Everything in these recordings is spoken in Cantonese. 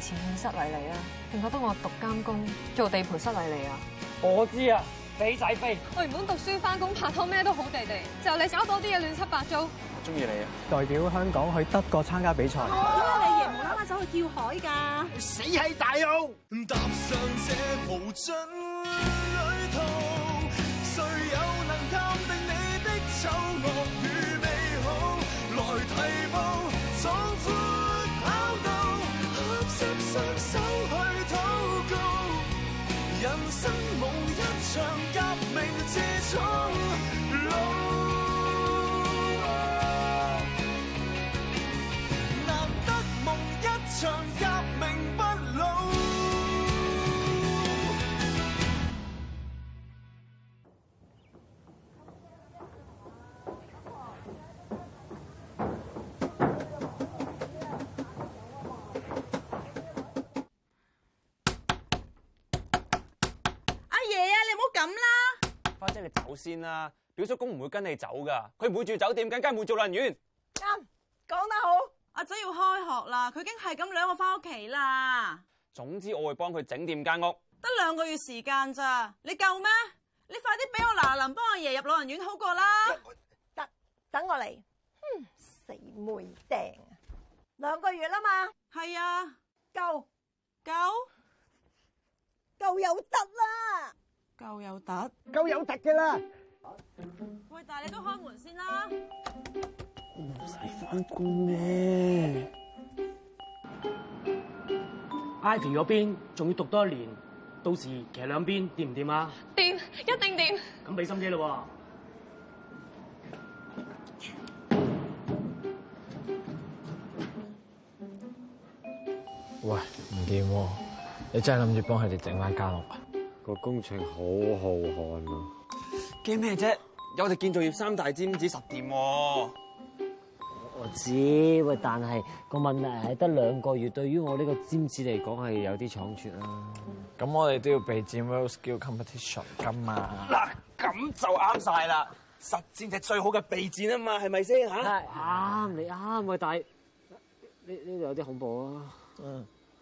前面失禮你啊！定覺得我讀監工做地盤失禮你啊？我知啊，肥仔飛！我原本讀書、翻工、拍拖咩都好地地，就你搞多啲嘢亂七八糟。我中意你啊！代表香港去德國參加比賽。哦、啊，為你爺無啦啦走去跳海噶？死喺大澳，唔搭上有！ 你走先啦，表叔公唔會跟你走噶，佢唔會住酒店，更加唔會住老人院。啱，講得好。阿仔要開學啦，佢已經係咁領我翻屋企啦。總之我會幫佢整掂間屋。得兩個月時間咋，你夠咩？你快啲俾我嗱臨幫阿爺入老人院好過啦。得，等我嚟。哼，死妹釘啊！兩個月啦嘛，係啊，夠夠夠有得啦。夠有突，夠有突嘅啦。喂，但係你都開門先啦。唔使翻工咩？Ivy 嗰邊仲要讀多一年，到時騎兩邊掂唔掂啊？掂，一定掂。咁俾心機咯。喂，唔掂啊？你真係諗住幫佢哋整翻間屋啊？ 個工程好浩瀚啊！驚咩啫？有我哋建造業三大尖子實掂。我知，但係個問題係得兩個月，對於我呢個尖子嚟講係有啲倉促啦。咁、嗯、我哋都要備戰 World Skill Competition。咁啊，嗱，咁就啱晒啦！實戰係最好嘅備戰啊嘛，係咪先吓？啱，你啱啊，但呢呢度有啲恐怖啊。嗯。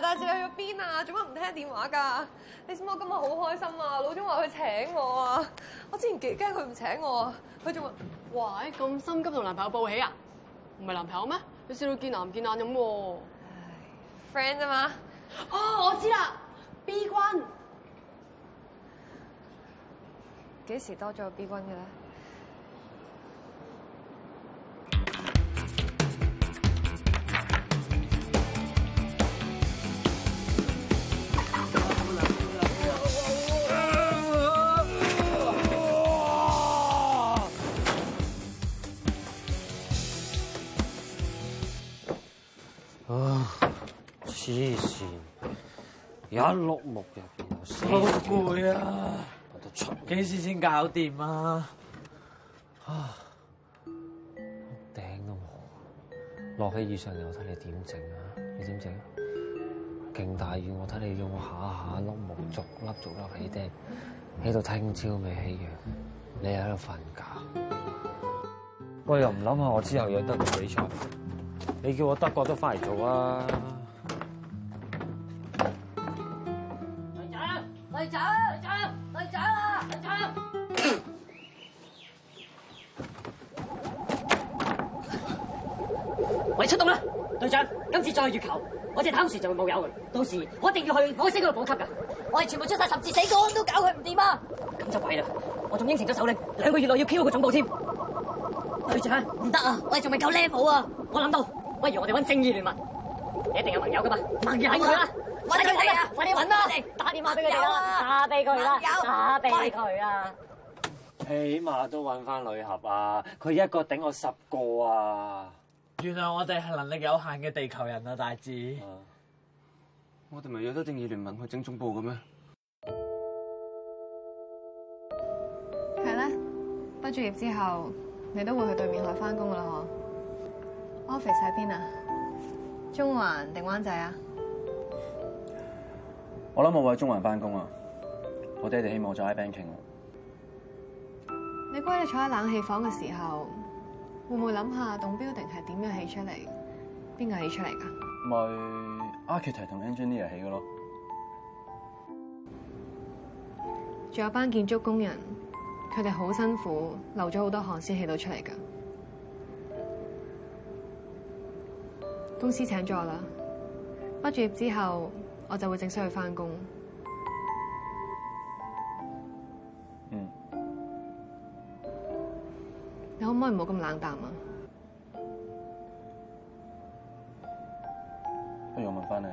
但係你去咗邊啊？做乜唔聽電話噶？你知唔知我今日好開心啊？老總話佢請我啊！我之前幾驚佢唔請我啊！佢仲話：「喂，咁心急同男朋友報喜啊？唔係男朋友咩？你笑到見男唔見眼咁。friend 啫嘛。哦，我知啦。B 君。幾時多咗個 B 君嘅咧？黐線，而家碌木入邊有四件啊。我攰出幾時先搞掂啊？啊，釘都冇，落起雨上又睇你點整啊？你點整？勁大雨，我睇你用下下碌木，逐粒逐粒起釘，喺度聽朝未起樣，你喺度瞓覺。我又唔諗下我之後有得唔比賽，嗯、你叫我德國都翻嚟做啊？隊長，隊長，隊長啊，隊長！我哋 出動啦，隊長。今次再去月球，我哋啲貪就會冇有去。到時我一定要去火星嗰度補給噶。 我哋全部出晒十字死光都搞佢唔掂啊！咁 就弊啦，我仲應承咗首領，兩個月內要飄到個總部添。隊長，唔得啊，我哋仲未夠 level 啊！我諗到，不如我哋揾正義聯盟，你一定有朋友噶嘛，問下佢啦。我搵佢哋啊！快啲搵啦！打電話俾佢哋啦！打俾佢啦！打俾佢啊！起碼都揾翻女俠啊！佢一個頂我十個啊！原來我哋係能力有限嘅地球人啊！大志，啊，我哋咪約咗正義聯盟去整總部嘅咩？係啦，畢咗業之後，你都會去對面海翻工嘅啦，嗬？Office 喺邊啊？中環定灣仔啊？我諗我會喺中環翻工啊！我爹哋希望我做 i banking。你估你坐喺冷氣房嘅時候，會唔會諗下棟 building 係點樣起出嚟？邊個起出嚟噶？咪 architect 同 engineer 起嘅咯。仲有班建築工人，佢哋好辛苦，流咗好多汗先起到出嚟噶。公司請咗啦，畢咗業之後。我就會正式去翻工。嗯，你可唔可以唔好咁冷淡啊？不如我問翻你，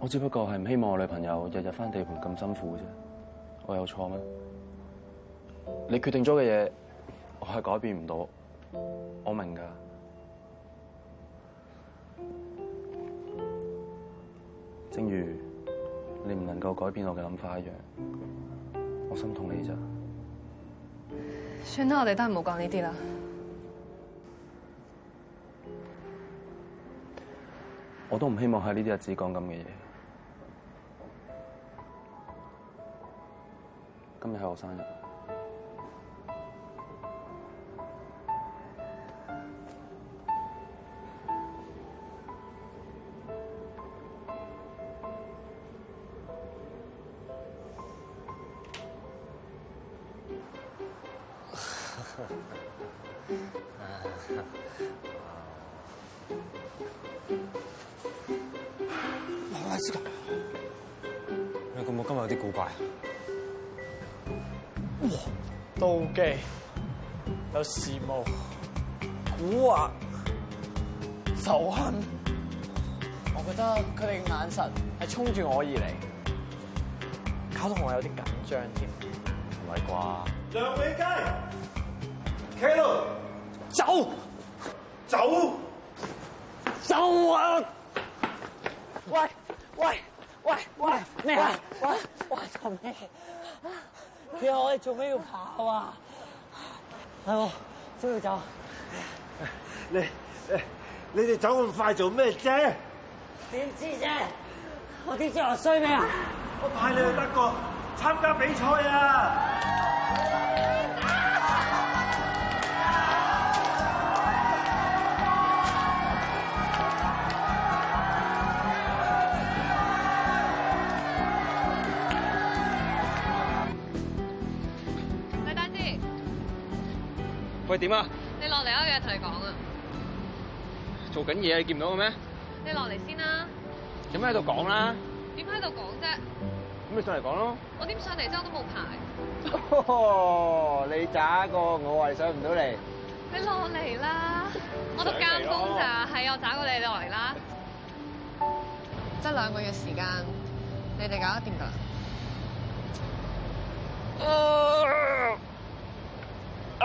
我只不過係唔希望我女朋友日日翻地盤咁辛苦啫。我有錯咩？你決定咗嘅嘢，我係改變唔到。我明㗎。正如你唔能夠改變我嘅諗法一樣，我心痛你咋。算啦，我哋都係唔好講呢啲啦。我都唔希望喺呢啲日子講咁嘅嘢。今日係我生日。搞到我有啲緊張添，唔係啩？梁美佳 Kilo 走，走，走啊！喂，喂，喂，喂，咩啊？喂，喂，做咩？佢話我哋做咩要跑啊？係喎，先要走。你，你，你哋走咁快做咩啫？點知啫？我點知我衰咩啊？我派你去德國參加比賽啊！李大志，喂，點啊？你落嚟，我有嘢同你講啊！做緊嘢你見唔到嘅咩？你落嚟先啦！點喺度講啦？點喺度講啫？咁咪上嚟講咯！我上、oh, 點上嚟之後都都冇牌。你渣過我，上你，你上唔到嚟。你落嚟啦！我都監工咋，係我打過你，你落嚟啦。即兩個月時間，你哋搞得掂㗎啦？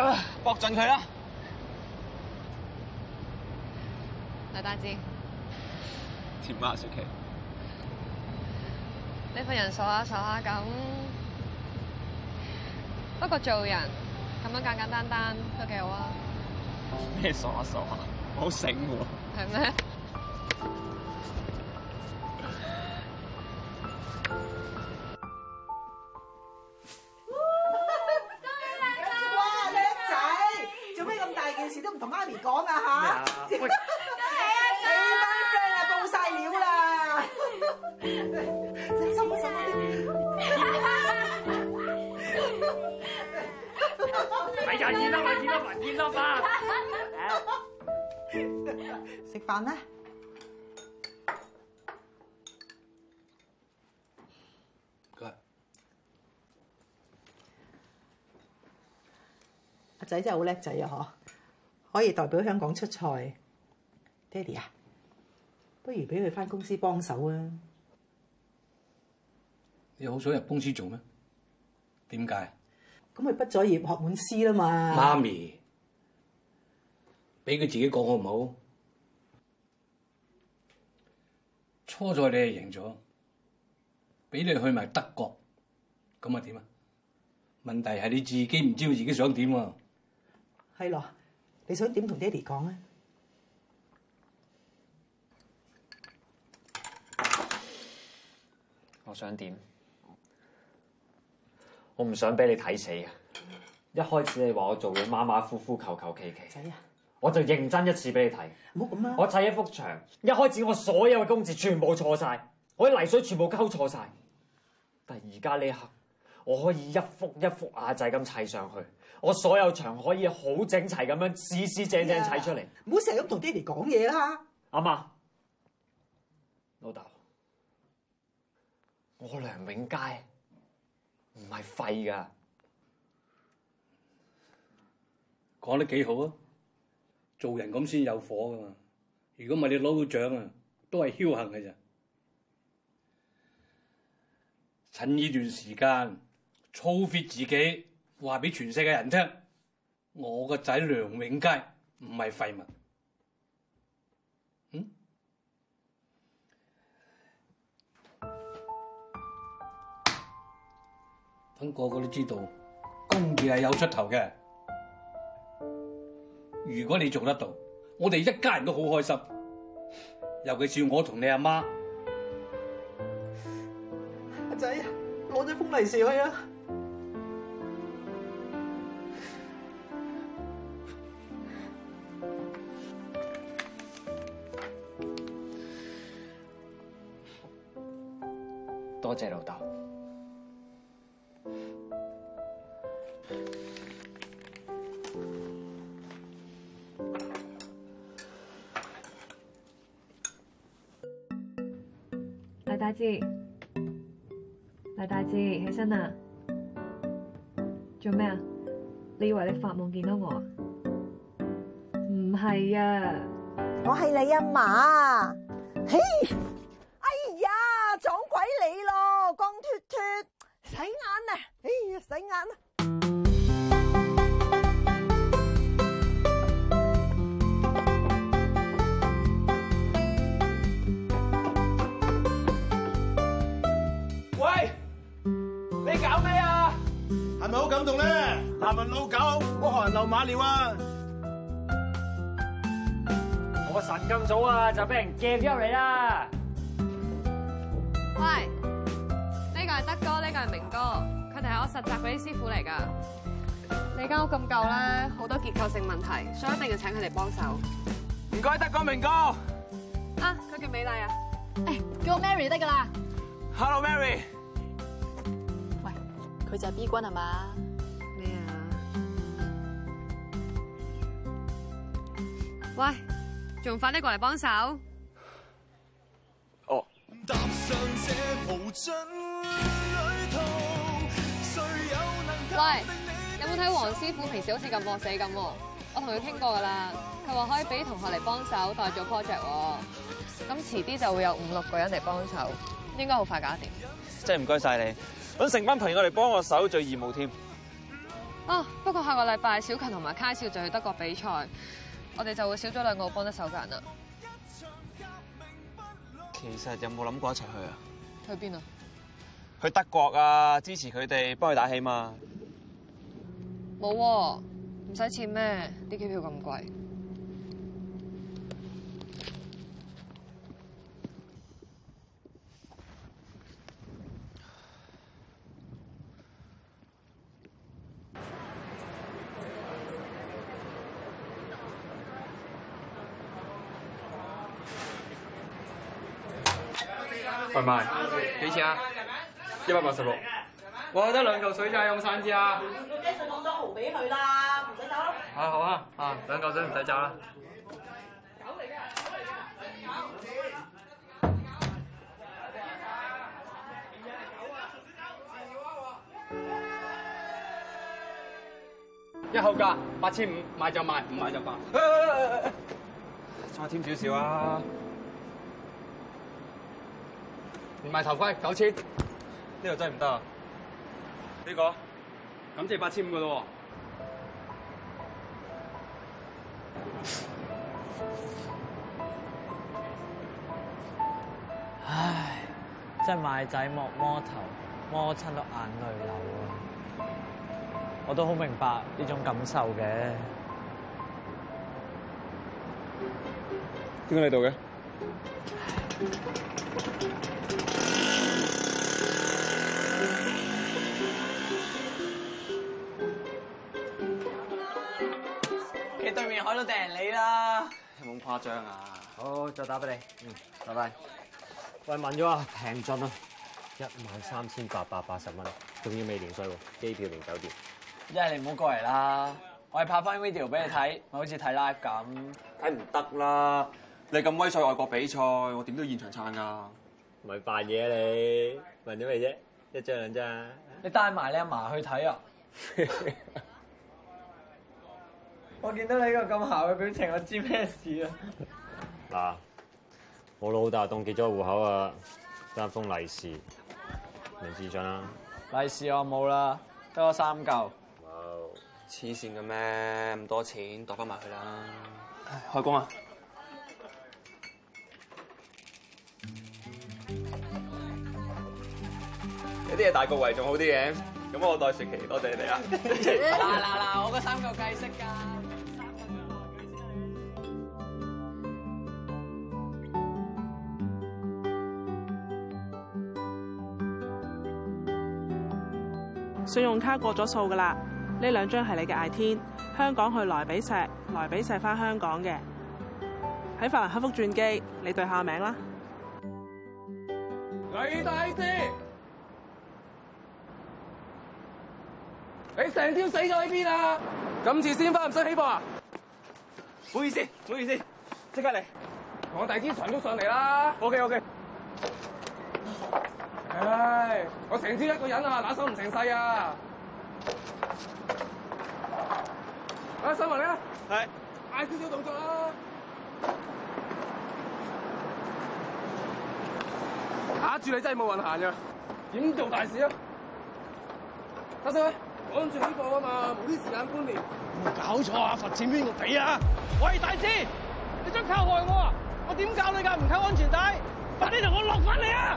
啊！搏盡佢啦！大單字。甜瓜雪琪。呢份人傻下傻下咁，不過做人咁樣簡簡單單都幾好啊！咩傻下傻下，好醒喎！係咩？哇，叻仔！做咩咁大件事都唔同媽咪講啊吓！呀！見啦嘛！見啦嘛！見啦嘛！食飯啦，阿仔真係好叻仔啊！嗬，可以代表香港出賽。爹哋啊，不如俾佢翻公司幫手啊！你好想入公司做咩？點解？咁咪畢咗業，學滿師啦嘛媽媽！媽咪，俾佢自己講好唔好？初咗你係贏咗，俾你去埋德國，咁啊點啊？問題係你自己唔知道自己想點喎。係咯，你想點同爹哋講咧？我想點？我唔想俾你睇死啊！一開始你話我做嘢馬馬虎虎、求求其其，啊、我就認真一次俾你睇。唔好咁啊！我砌一幅牆，一開始我所有嘅工字全部錯晒，我啲泥水全部溝錯晒。但而家呢刻，我可以一幅一幅阿仔咁砌上去，我所有牆可以好整齊咁樣四四正正砌出嚟。唔好成日咁同爹哋講嘢啦，阿媽，老豆，我梁永佳。唔係廢噶，講得幾好啊！做人咁先有火噶嘛，如果唔係你攞到獎啊，都係僥倖嘅咋。趁呢段時間，操 fit 自己，話俾全世界人聽，我個仔梁永佳唔係廢物。等個個都知道，工業係有出頭嘅。如果你做得到，我哋一家人都好開心。尤其是我同你阿媽，阿仔，攞咗封利是去啦。多謝老豆。大志，黎大志，起身啦！做咩啊？你以為你發夢見到我啊？唔係啊，我係你阿嫲！嘿，哎呀，撞鬼你咯，光脫脫，洗眼啊！哎呀，洗眼啊！係咪好感動咧？男人老狗，我汗流馬尿啊！我神咁早啊，就俾人夾咗你啦！喂，呢個係德哥，呢個係明哥，佢哋係我實習嗰啲師傅嚟噶。你間屋咁舊咧，好多結構性問題，所以一定要請佢哋幫手。唔該德哥，明哥。啊，佢叫美麗啊！哎，叫我 Mary 得噶啦。Hello, Mary. 佢就係 B 君係嘛？咩啊？麼喂，仲快啲過嚟幫手。哦。Oh. 喂，有冇睇黃師傅平時好似咁搏死咁？我同佢傾過噶啦，佢話可以俾同學嚟幫手代做 project。咁遲啲就會有五六個人嚟幫手，應該好快搞掂。即係唔該晒你。等成班朋友嚟幫我手，做義務添。啊，不過下個禮拜小強同埋卡少就去德國比賽，我哋就會少咗兩個幫得手嘅人啦。其實有冇諗過一齊去啊？去邊啊？去德國啊！支持佢哋，幫佢打氣嘛。冇、啊，唔使錢咩？啲機票咁貴。賣幾錢啊？一百八十六。我得兩嚿水咋，有冇散支啊？我雞碎攞咗毫俾佢啦，唔使走啦。啊，好啊，啊兩嚿水唔使走啦。九嚟嘅！九嚟嘅！噶，係狗。一口價八千五，賣就賣，唔賣就罷。再添少少啊！唔賣頭盔九千，呢個真係唔得啊！呢、呢個，咁即係八千五嘅咯。 唉，真係賣仔摸摸頭，摸親到眼淚流啊！我都好明白呢種感受嘅。點解嚟度嘅？其實對面海都訂你啦，你有冇咁誇張啊？好，再打俾你。嗯，拜拜。喂，問咗啊，平盡啊，一萬三千八百八十蚊，仲要未連稅喎，機票連酒店。一係、yeah, 你唔好過嚟啦，我係拍翻 video 俾你睇，我 Okay. 好似睇 live 咁，睇唔得啦。你咁威賽外國比賽，我點都現場撐噶，唔係扮嘢你，問咗咩啫？一張兩張，你帶埋你阿嫲去睇啊！ 我見到你個咁姣嘅表情，我知咩事啊！嗱、啊，我老豆凍結咗戶口試試試啊，得封利是，明知想啊！利是我冇啦，得咗三嚿。黐線嘅咩？咁多錢，度翻埋去啦！開工啊！有啲嘢大局為重好啲嘅，咁我代雪琪多謝你哋啦。嗱嗱嗱，我嘅三個計息㗎。三個計三個計信用卡過咗數㗎啦，呢兩張係你嘅艾天，香港去萊比錫，萊比錫翻香港嘅，喺法蘭克福轉機，你對下名啦。李大志。你成朝死咗喺邊啊？今次先返唔使起步啊？唔好意思，唔好意思，即刻嚟，同我大招全都上嚟啦。OK OK。唉、哎，我成朝一個人啊，打手唔成勢啊。阿新文咧，係嗌少少動作啊。打住你真係冇運行啊！點做大事啊？得啦、啊。安全呢個啊嘛，冇啲時間觀念。唔搞錯啊，罰錢邊個畀啊？喂，大師，你想靠害我啊！我點教你㗎？唔扣安全帶？快啲同我落翻嚟啊！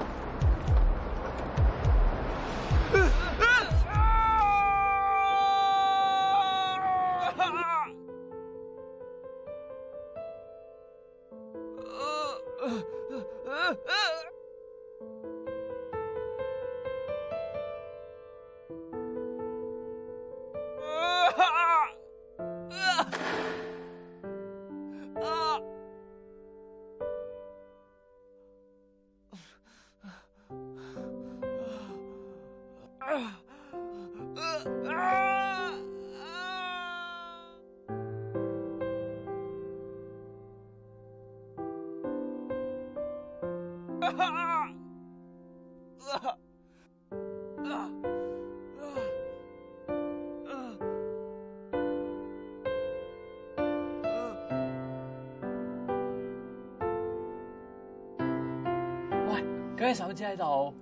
咩手指喺度？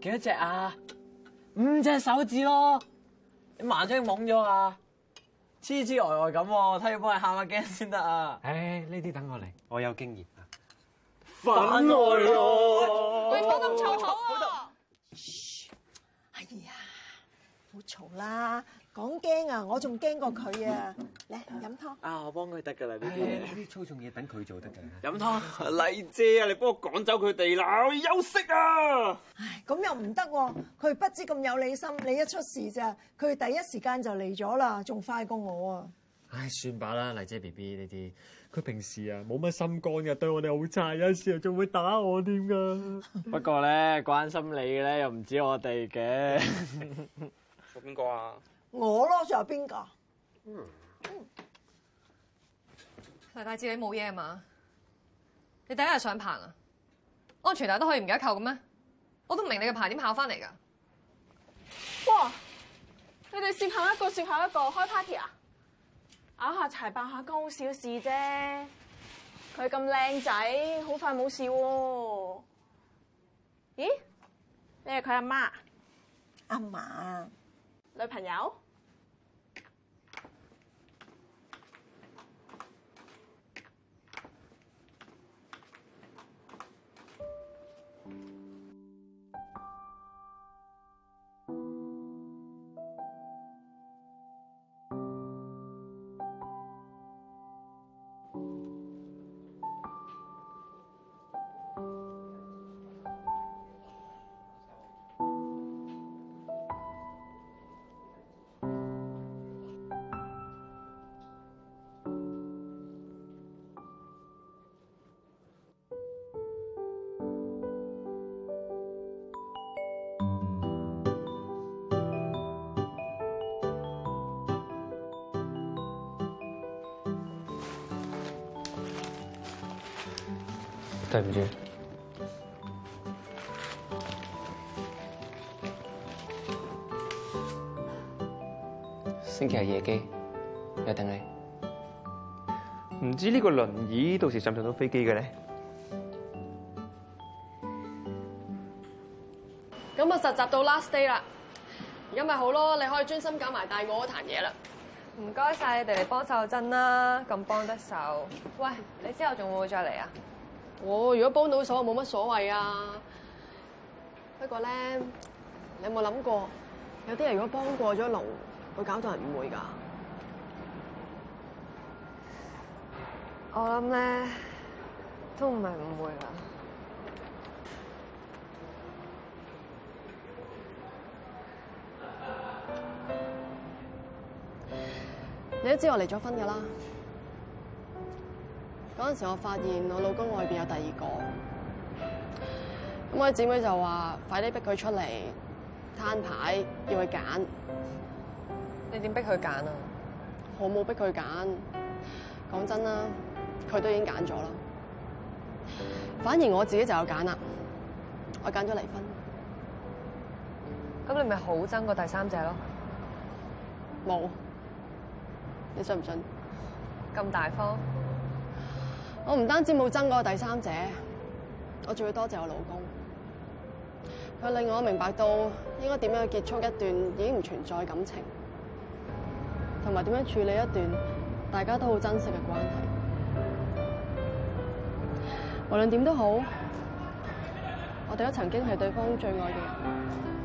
幾多隻啊？五隻手指咯，你麻咗懵咗啊？癡癡呆呆咁喎，睇要幫你喊下驚先得啊！唉、哎，呢啲等我嚟，我有經驗啊！反愛我，你唔好咁吵吵喎！噓，係呀，好嘈啦。哎講驚啊！我仲驚過佢啊！嚟飲湯啊！我幫佢得噶啦，B B 呢啲粗重嘢等佢做得噶。飲湯，麗姐啊！姐你幫我趕走佢哋啦，我要休息啊！唉，咁又唔得，佢不知咁有理心，你一出事咋，佢第一時間就嚟咗啦，仲快過我啊！唉、哎，算吧啦，麗姐 B B 呢啲，佢平時啊冇乜心肝嘅，對我哋好差，有時候仲、啊、會打我添噶。不過咧，關心你嘅咧又唔止我哋嘅，係邊個啊？我咯、啊，仲有邊個？嗯。黎大志，你冇嘢啊嘛？你第一日上棚啊？安全帶都可以唔解扣嘅咩？我都唔明你嘅牌點考翻嚟噶。哇！你哋試下一個，試下，下一個，開 party 啊？咬下柴，扮下高，小事啫。佢咁靚仔，好快冇事喎、啊。咦？你係佢阿媽？阿媽媽。女朋友？對唔住，星期日夜機又等你，唔知呢個輪椅到時上唔上到飛機嘅咧？咁我實習到 last day 啦，而家咪好咯，你可以專心搞埋大我嗰壇嘢啦。唔該晒你哋嚟幫手真啦，咁幫得手。喂，你之後仲會唔會再嚟啊？我、哦、如果幫到手，冇乜所謂啊。不過咧，你有冇諗過？有啲人如果幫過咗勞，會搞到人誤會㗎。我諗咧，都唔係誤會㗎。 你都知我離咗婚㗎啦。嗰陣時，我發現我老公外邊有第二個，咁我啲姊妹就話：快啲逼佢出嚟攤牌，要佢揀。你點逼佢揀啊？我冇逼佢揀。講真啦，佢都已經揀咗啦。反而我自己就有揀啦，我揀咗離婚。咁你咪好憎個第三者咯？冇。你信唔信？咁大方？我唔單止冇爭過第三者，我仲要多謝我老公，佢令我明白到應該點樣結束一段已經唔存在嘅感情，同埋點樣處理一段大家都好珍惜嘅關係。無論點都好，我哋都曾經係對方最愛嘅人。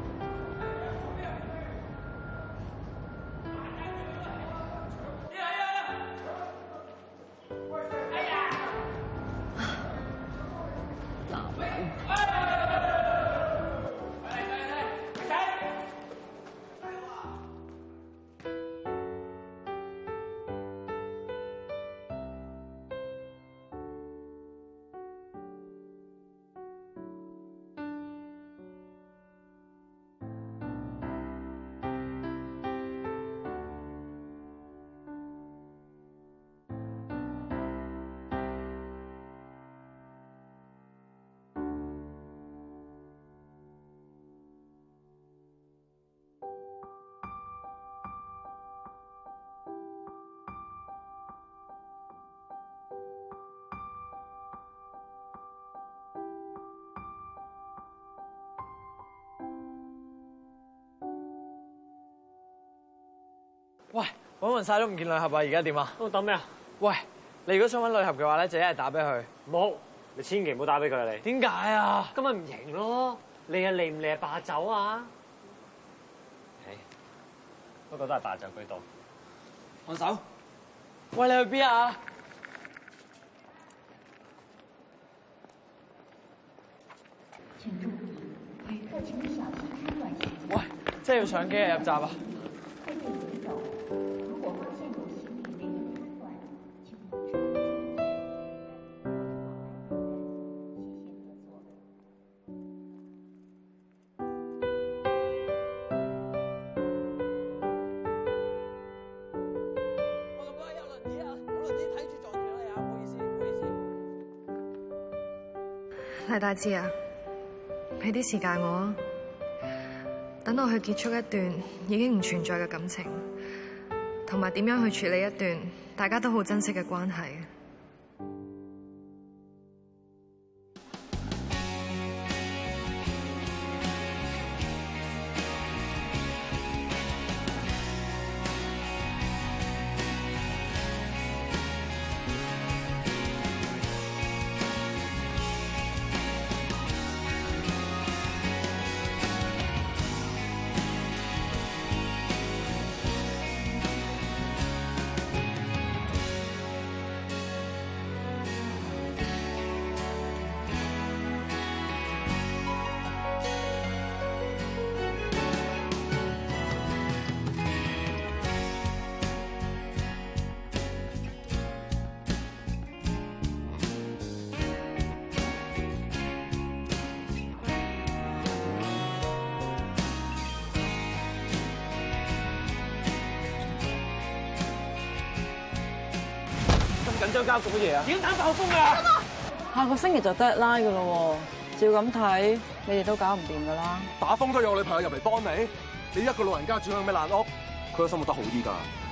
喂，揾勻晒都唔見女俠啊！而家點啊？我等咩啊？喂，你如果想揾女俠嘅話咧，就一係打俾佢。冇，你千祈唔好打俾佢啊！你點解啊？今日唔贏咯，你係嚟唔嚟霸走啊？不過都係大隻居多。放手，喂，你去邊啊？喂，即係要上機入閘啊！黎大志啊，俾啲時間我，啊，等我去結束一段已經唔存在嘅感情，同埋點樣去處理一段大家都好珍惜嘅關係。做乜嘢啊！點打爆風㗎？ 下個星期就 deadline 嘅咯，照咁睇，你哋都搞唔掂㗎啦！打風都有女朋友入嚟幫你，你一個老人家住喺咩爛屋？佢個生活得好啲㗎。